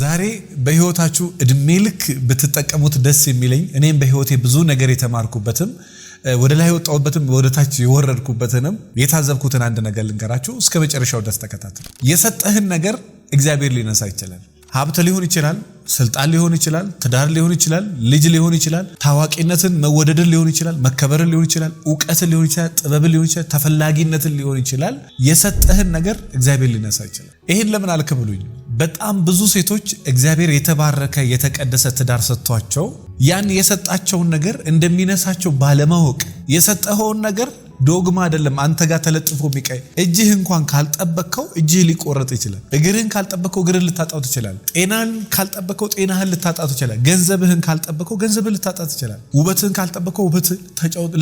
ዛሬ በህይወታችሁ እድሜ ልክ ብትጠቀሙት ደስ የሚለኝ እኔም በህይወቴ ብዙ ነገር የተማርኩበትም ወደ ላይ የወጣሁበትም ወደታች የወረድኩበትንም የታዘብኩትን አንድ ነገር ልንገራችሁ። እስከ መጨረሻው ደስ ተከታተሉ። የሰጠህን ነገር እግዚአብሔር ሊነሳ ይችላል። ሀብት ሊሆን ይችላል ስልጣን ሊሆን ይችላል፣ ትዳር ሊሆን ይችላል፣ ልጅ ሊሆን ይችላል፣ ታዋቂነትን፣ መወደድን ሊሆን ይችላል፣ መከበርን ሊሆን ይችላል፣ እውቀትን ሊሆን ይችላል፣ ጥበብን ሊሆን ይችላል፣ ተፈላጊነትን ሊሆን ይችላል። የሰጠህን ነገር እግዚአብሔር ሊነሳ ይችላል። ይህን ለምን አልክ ብሉኝ። በጣም ብዙ ሴቶች እግዚአብሔር የተባረከ የተቀደሰ ትዳር ሰጥቷቸው ያን የሰጣቸውን ነገር እንደሚነሳቸው ባለማወቅ የሰጠኸውን ነገር ዶግማ አይደለም አንተ ጋር ተለጥፎ የሚቀይ እጅህ እንኳን ካልጠበቅከው እጅህ ሊቆረጥ ይችላል። እግርህን ካልጠበቅከው እግርህን ልታጣው ትችላል። ጤናን ካልጠበቅከው ጤናህን ልታጣ ትችላል። ገንዘብህን ካልጠበቅከው ገንዘብህን ልታጣ ትችላል። ውበትህን ካልጠበቅከው ውበት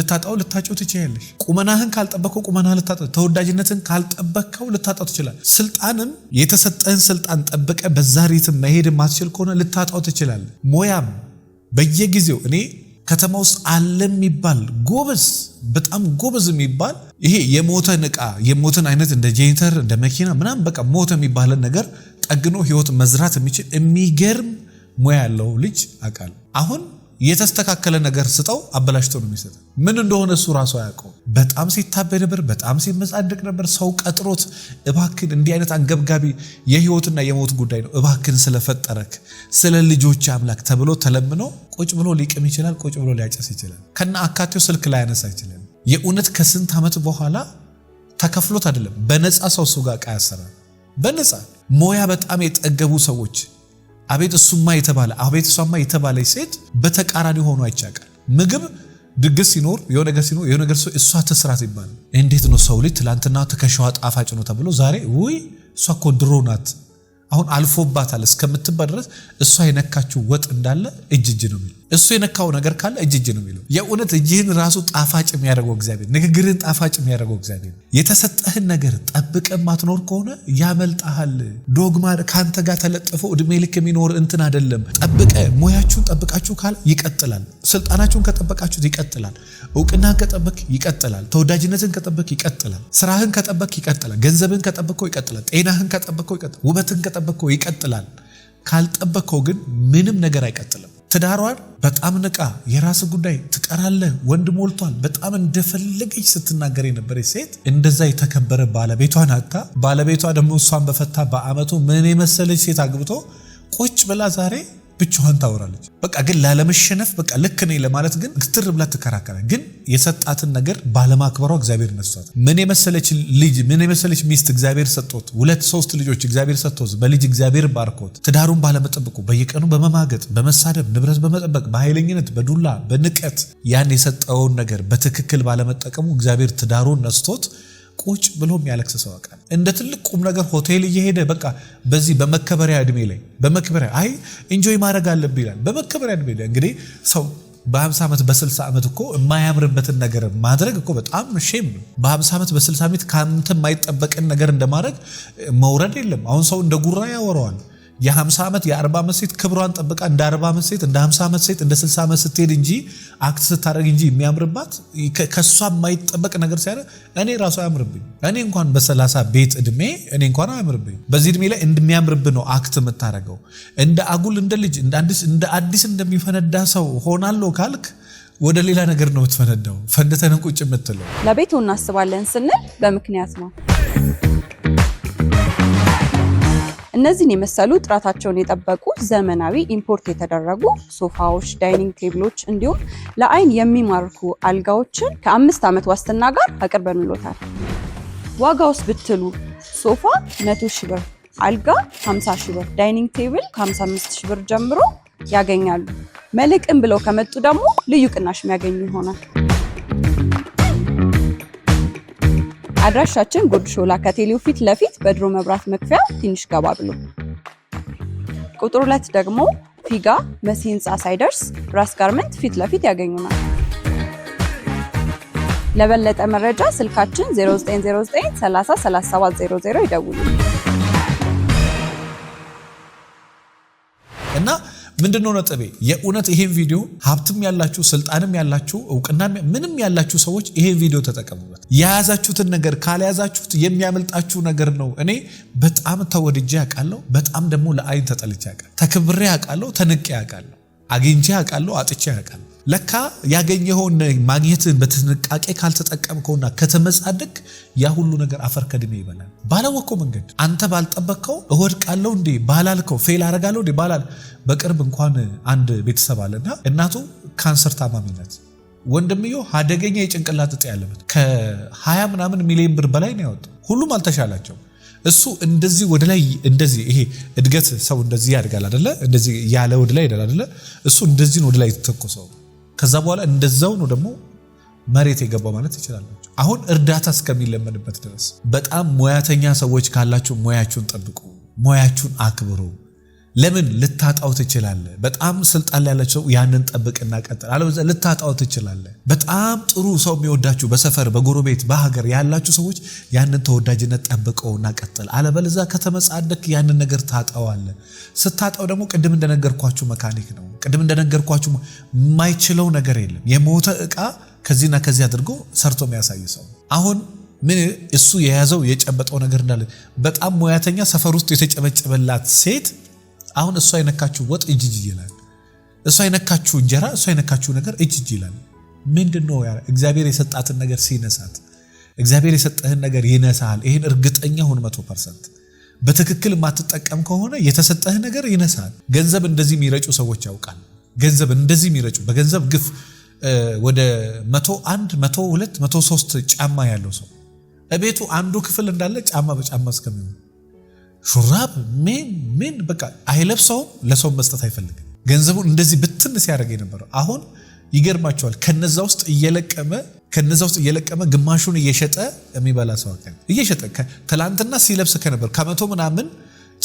ልታጣው ልታጨው ትችላለሽ። ቁመናህን ካልጠበቅከው ቁመናህን ልታጣ፣ ተወዳጅነትን ካልጠበቅከው ልታጣ ትችላል። ስልጣንም የተሰጠህን ስልጣን ጠብቀ በዛ ሪትም መሄድ ማትችል ከሆነ ልታጣው ትችላል። ሞያም በየጊዜው እኔ ከተማ ውስጥ አለ የሚባል ጎበዝ፣ በጣም ጎበዝ የሚባል ይሄ የሞተን እቃ የሞተን አይነት እንደ ጄኒተር እንደ መኪና ምናምን በቃ ሞተ የሚባለን ነገር ጠግኖ ህይወት መዝራት የሚችል የሚገርም ሙያ ያለው ልጅ አውቃለሁ። አሁን የተስተካከለ ነገር ስጠው፣ አበላሽቶ ነው የሚሰጥ። ምን እንደሆነ እሱ ራሱ አያውቀው። በጣም ሲታበይ ነበር፣ በጣም ሲመጻደቅ ነበር። ሰው ቀጥሮት እባክን፣ እንዲህ አይነት አንገብጋቢ የህይወትና የሞት ጉዳይ ነው፣ እባክን ስለፈጠረክ ስለ ልጆች አምላክ ተብሎ ተለምኖ ቁጭ ብሎ ሊቅም ይችላል፣ ቁጭ ብሎ ሊያጨስ ይችላል። ከነ አካቴው ስልክ ላይ ያነሳ ይችላል። የእውነት ከስንት ዓመት በኋላ ተከፍሎት አይደለም፣ በነፃ ሰው እሱ ጋር ቃ ያሰራል። በነፃ ሞያ በጣም የጠገቡ ሰዎች አቤት እሱማ የተባለ አቤት እሷማ የተባለች ሴት በተቃራኒ ሆኖ አይቻቃል። ምግብ ድግስ ሲኖር የሆነ ነገር ሲኖር የሆነ ነገር እሷ ትስራት ይባላል። እንዴት ነው ሰው ልጅ ትላንትና ትከሻዋ ጣፋጭ ነው ተብሎ ዛሬ ውይ እሷ እኮ ድሮ ናት አሁን አልፎባታል እስከምትባል ድረስ እሷ የነካችው ወጥ እንዳለ እጅ እጅ ነው የሚለው። እሱ የነካው ነገር ካለ እጅ እጅ ነው የሚለው። የእውነት እጅህን ራሱ ጣፋጭ የሚያደርገው እግዚአብሔር፣ ንግግርህን ጣፋጭ የሚያደርገው እግዚአብሔር። የተሰጠህን ነገር ጠብቀ ማትኖር ከሆነ ያመልጣሃል። ዶግማ ከአንተ ጋር ተለጥፎ እድሜ ልክ የሚኖር እንትን አይደለም። ጠብቀ ሙያችሁን ጠብቃችሁ ካለ ይቀጥላል። ስልጣናችሁን ከጠበቃችሁት ይቀጥላል። እውቅናህን ከጠበክ ይቀጥላል። ተወዳጅነትን ከጠበክ ይቀጥላል። ስራህን ከጠበክ ይቀጥላል። ገንዘብህን ከጠበቀው ይቀጥላል። ጤናህን ከጠበቀው ይቀጥላል። ውበትህን ከጠበቀው ይቀጥላል፣ ካልጠበቀው ግን ምንም ነገር አይቀጥልም። ትዳሯን በጣም ንቃ፣ የራስ ጉዳይ ትቀራለህ፣ ወንድ ሞልቷል፣ በጣም እንደፈለገች ስትናገር የነበረች ሴት እንደዛ የተከበረ ባለቤቷን ናታ ባለቤቷ ደግሞ እሷን በፈታ በአመቱ ምን የመሰለች ሴት አግብቶ ቁጭ ብላ ዛሬ ብቻዋን ታወራለች። በቃ ግን ላለመሸነፍ በቃ ልክ ነኝ ለማለት ግን ግትር ብላ ትከራከራ። ግን የሰጣትን ነገር ባለማክበሯ እግዚአብሔር ነሷት። ምን የመሰለች ልጅ ምን የመሰለች ሚስት እግዚአብሔር ሰጥቶት ሁለት ሶስት ልጆች እግዚአብሔር ሰጥቶት በልጅ እግዚአብሔር ባርኮት ትዳሩን ባለመጠበቁ በየቀኑ በመማገጥ በመሳደብ ንብረት በመጠበቅ በኃይለኝነት በዱላ በንቀት ያን የሰጠውን ነገር በትክክል ባለመጠቀሙ እግዚአብሔር ትዳሩን ነስቶት ቁጭ ብሎ የሚያለቅስ ሰው አውቃል። እንደ ትልቅ ቁም ነገር ሆቴል እየሄደ በቃ በዚህ በመከበሪያ እድሜ ላይ በመከበሪያ አይ እንጆይ ማድረግ አለብህ ይላል። በመከበሪያ እድሜ ላይ እንግዲህ ሰው በ50 ዓመት በ60 ዓመት እኮ የማያምርበትን ነገር ማድረግ እኮ በጣም ሼም ነው። በ50 ዓመት በ60 ዓመት ከአንተ የማይጠበቅን ነገር እንደማድረግ መውረድ የለም። አሁን ሰው እንደ ጉራ ያወረዋል። የ50 ዓመት የ40 ዓመት ሴት ክብሯን ጠብቃ እንደ 40 ዓመት ሴት እንደ 50 ዓመት ሴት እንደ 60 ዓመት ስትሄድ እንጂ አክት ስታደርግ እንጂ የሚያምርባት ከእሷ የማይጠበቅ ነገር ሲያደርግ እኔ ራሱ አያምርብኝ። እኔ እንኳን በ30 ቤት እድሜ እኔ እንኳን አያምርብኝ። በዚህ እድሜ ላይ እንደሚያምርብ ነው አክት የምታደርገው። እንደ አጉል እንደ ልጅ እንደ አዲስ እንደሚፈነዳ ሰው ሆናለሁ ካልክ ወደ ሌላ ነገር ነው የምትፈነዳው። ፈንድተን ቁጭ የምትለው ለቤቱ እናስባለን ስንል በምክንያት ነው። እነዚህን የመሰሉ ጥራታቸውን የጠበቁ ዘመናዊ ኢምፖርት የተደረጉ ሶፋዎች፣ ዳይኒንግ ቴብሎች እንዲሁም ለአይን የሚማርኩ አልጋዎችን ከአምስት ዓመት ዋስትና ጋር አቅርበንሎታል። ዋጋ ውስጥ ብትሉ ሶፋ 100 ሺህ ብር፣ አልጋ 50 ሺህ ብር፣ ዳይኒንግ ቴብል ከ55 ሺህ ብር ጀምሮ ያገኛሉ። መልሕቅን ብለው ከመጡ ደግሞ ልዩ ቅናሽ የሚያገኙ ይሆናል። አድራሻችን ጉርድ ሾላ ከቴሌው ፊት ለፊት በድሮ መብራት መክፈያ ትንሽ ገባ ብሎ፣ ቁጥር ሁለት ደግሞ ፊጋ መሲ ህንፃ ሳይደርስ ራስ ጋርመንት ፊት ለፊት ያገኙናል። ለበለጠ መረጃ ስልካችን 0909303700 ይደውሉ እና ምንድነው ነጥቤ? የእውነት ይሄን ቪዲዮ ሀብትም ያላችሁ ስልጣንም ያላችሁ እውቅና ምንም ያላችሁ ሰዎች ይሄን ቪዲዮ ተጠቀሙበት። የያዛችሁትን ነገር ካልያዛችሁት የሚያመልጣችሁ ነገር ነው። እኔ በጣም ተወድጄ አውቃለሁ። በጣም ደግሞ ለአይን ተጠልቼ አውቃለሁ። ተክብሬ አውቃለሁ። ተንቄ አውቃለሁ። አግኝቼ አውቃለሁ። አጥቼ ያውቃለሁ። ለካ ያገኘኸውን ማግኘትን በጥንቃቄ ካልተጠቀምከውና ከተመጻደቅ ያ ሁሉ ነገር አፈር ከድሜ ይበላል። ባላወቀው መንገድ አንተ ባልጠበቅከው እወድቃለሁ እንዴ ባላልከው ፌል አደርጋለሁ እንዴ ባላል። በቅርብ እንኳን አንድ ቤተሰብ አለና እናቱ ካንሰር ታማሚ ናት። ወንድምየው አደገኛ የጭንቅላት እጢ ያለበት ከሀያ ምናምን ሚሊዮን ብር በላይ ነው ያወጣው። ሁሉም አልተሻላቸው። እሱ እንደዚህ ወደ ላይ እንደዚህ ይሄ እድገት ሰው እንደዚህ ያድጋል አደለ? እንደዚህ ያለ ወደ ላይ ይደል አደለ? እሱ እንደዚህ ወደ ላይ የተተኮሰው ከዛ በኋላ እንደዛው ነው ደግሞ መሬት የገባው ማለት ይችላላችሁ። አሁን እርዳታ እስከሚለመንበት ድረስ በጣም ሙያተኛ ሰዎች ካላችሁ ሙያችሁን ጠብቁ፣ ሙያችሁን አክብሩ። ለምን ልታጣው ትችላለ? በጣም ስልጣን ላይ ሰው ያንን ጠብቅና ቀጥል፣ አለበለዚያ ልታጣው ትችላለ። በጣም ጥሩ ሰው የሚወዳችሁ በሰፈር በጎረቤት በሀገር ያላችሁ ሰዎች ያንን ተወዳጅነት ጠብቀውና ቀጥል፣ አለበለዚያ ከተመጻደክ ያንን ነገር ታጣዋለ ስታጣው ደግሞ ቅድም እንደነገርኳችሁ መካኒክ ነው። ቅድም እንደነገርኳችሁ የማይችለው ነገር የለም። የሞተ እቃ ከዚህና ከዚህ አድርጎ ሰርቶ የሚያሳይ ሰው አሁን ምን እሱ የያዘው የጨበጠው ነገር እንዳለ በጣም ሙያተኛ ሰፈር ውስጥ የተጨበጨበላት ሴት አሁን እሷ የነካችሁ ወጥ እጅ እጅ ይላል። እሷ የነካችሁ እንጀራ፣ እሷ የነካችሁ ነገር እጅ እጅ ይላል። ምንድን ነው ያ? እግዚአብሔር የሰጣትን ነገር ሲነሳት፣ እግዚአብሔር የሰጠህን ነገር ይነሳል። ይህን እርግጠኛ ሁን መቶ ፐርሰንት። በትክክል የማትጠቀም ከሆነ የተሰጠህ ነገር ይነሳል። ገንዘብ እንደዚህ የሚረጩ ሰዎች ያውቃል። ገንዘብ እንደዚህ የሚረጩ በገንዘብ ግፍ ወደ መቶ አንድ መቶ ሁለት መቶ ሶስት ጫማ ያለው ሰው እቤቱ አንዱ ክፍል እንዳለ ጫማ በጫማ እስከሚሆን ሹራብ ምን ምን በቃ አይለብሰውም። ለሰው መስጠት አይፈልግም። ገንዘቡን እንደዚህ ብትን ሲያደርግ የነበረው አሁን ይገርማቸዋል። ከነዛ ውስጥ እየለቀመ ከነዛ ውስጥ እየለቀመ ግማሹን እየሸጠ የሚበላ ሰው አለ። እየሸጠ ትላንትና ሲለብስ ከነበር ከመቶ ምናምን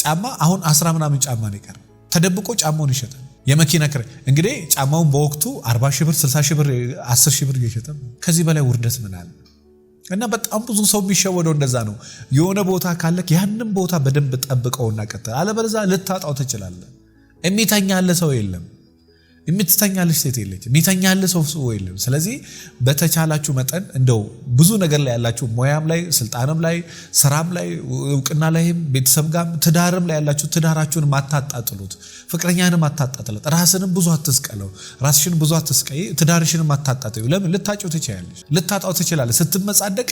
ጫማ አሁን አስራ ምናምን ጫማ ነው ይቀር። ተደብቆ ጫማውን ይሸጠ የመኪና ክረ እንግዲህ ጫማውን በወቅቱ 40 ሺህ ብር፣ 60 ሺህ ብር፣ 10 ሺህ ብር እየሸጠ ከዚህ በላይ ውርደት ምን እና በጣም ብዙ ሰው የሚሸወደው እንደዛ ነው። የሆነ ቦታ ካለክ ያንም ቦታ በደንብ ጠብቀውና ቀጥል፣ አለበለዚያ ልታጣው ትችላለህ። የሚተኛለ ሰው የለም። የምትተኛልሽ ሴት የለች፣ የሚተኛልህ ሰው ሰው የለም። ስለዚህ በተቻላችሁ መጠን እንደው ብዙ ነገር ላይ ያላችሁ ሙያም ላይ ስልጣንም ላይ ስራም ላይ እውቅና ላይም ቤተሰብ ጋር ትዳርም ላይ ያላችሁ ትዳራችሁን አታጣጥሉት፣ ፍቅረኛንም አታጣጥለት፣ ራስንም ብዙ አትስቀለው፣ ራስሽን ብዙ አትስቀይ፣ ትዳርሽንም አታጣጥ። ለምን ልታጭው ትችላለች፣ ልታጣው ትችላለች። ስትመጻደቅ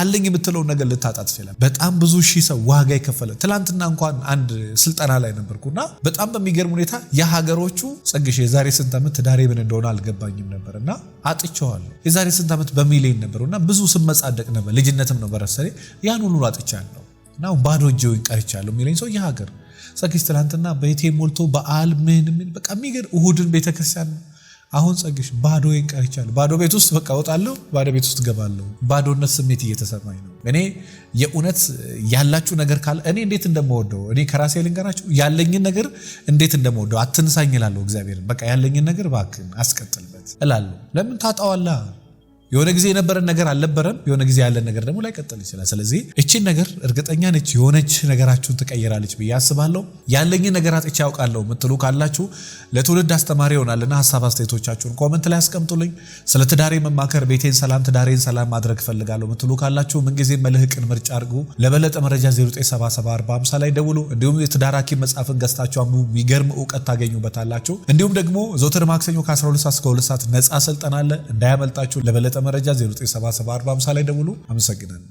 አለኝ የምትለውን ነገር ልታጣ ትችላል። በጣም ብዙ ሺህ ሰው ዋጋ የከፈለ ትላንትና እንኳን አንድ ስልጠና ላይ ነበርኩና በጣም በሚገርም ሁኔታ የሀገሮቹ ጸግሽ የዛሬ የዛሬ ስንት ዓመት ትዳሬ ምን እንደሆነ አልገባኝም ነበር እና አጥቼዋለሁ። የዛሬ ስንት ዓመት በሚሊየን ነበሩ እና ብዙ ስመጻደቅ ነበር። ልጅነትም ነው በረሰሬ ያን ሁሉ አጥቻለሁ እና ባዶ እጄን ቀርቻለሁ የሚለኝ ሰው የሀገር ሰኪስ ትላንትና ቤቴ ሞልቶ በዓል ምን ምን በቃ የሚገርም እሁድን ቤተክርስቲያን አሁን ጸግሽ ባዶ ቀርቻለሁ። ባዶ ቤት ውስጥ በቃ እወጣለሁ፣ ባዶ ቤት ውስጥ ገባለሁ ባዶነት ስሜት እየተሰማኝ ነው። እኔ የእውነት ያላችሁ ነገር ካለ እኔ እንዴት እንደምወደው እኔ ከራሴ ልንገራችሁ፣ ያለኝን ነገር እንዴት እንደምወደው አትንሳኝ እላለሁ። እግዚአብሔርን በቃ ያለኝን ነገር እባክህን አስቀጥልበት እላለሁ። ለምን ታጣዋላ የሆነ ጊዜ የነበረን ነገር አልነበረም፣ የሆነ ጊዜ ያለን ነገር ደግሞ ላይቀጥል ይችላል። ስለዚህ እችን ነገር እርግጠኛ ነች የሆነች ነገራችሁን ትቀይራለች ብዬ አስባለሁ። ያለኝን ነገር አጥቼ ያውቃለሁ ምትሉ ካላችሁ ለትውልድ አስተማሪ ይሆናልና ሀሳብ አስተያየቶቻችሁን ኮመንት ላይ አስቀምጡልኝ። ስለ ትዳሬ መማከር፣ ቤቴን ሰላም፣ ትዳሬን ሰላም ማድረግ እፈልጋለሁ ምትሉ ካላችሁ ምንጊዜ መልህቅን ምርጫ አድርጉ። ለበለጠ መረጃ 0977 ላይ ደውሉ። እንዲሁም የትዳር ሐኪም መጽሐፍን ገዝታችሁ አንብቡ። የሚገርም እውቀት ታገኙበታላችሁ። እንዲሁም ደግሞ ዘውትር ማክሰኞ ከ12 እስከ 2 ሰዓት ነፃ ስልጠና አለ፣ እንዳያመልጣችሁ። ለበለጠ መረጃ 097745 ላይ ደውሉ። አመሰግናለን።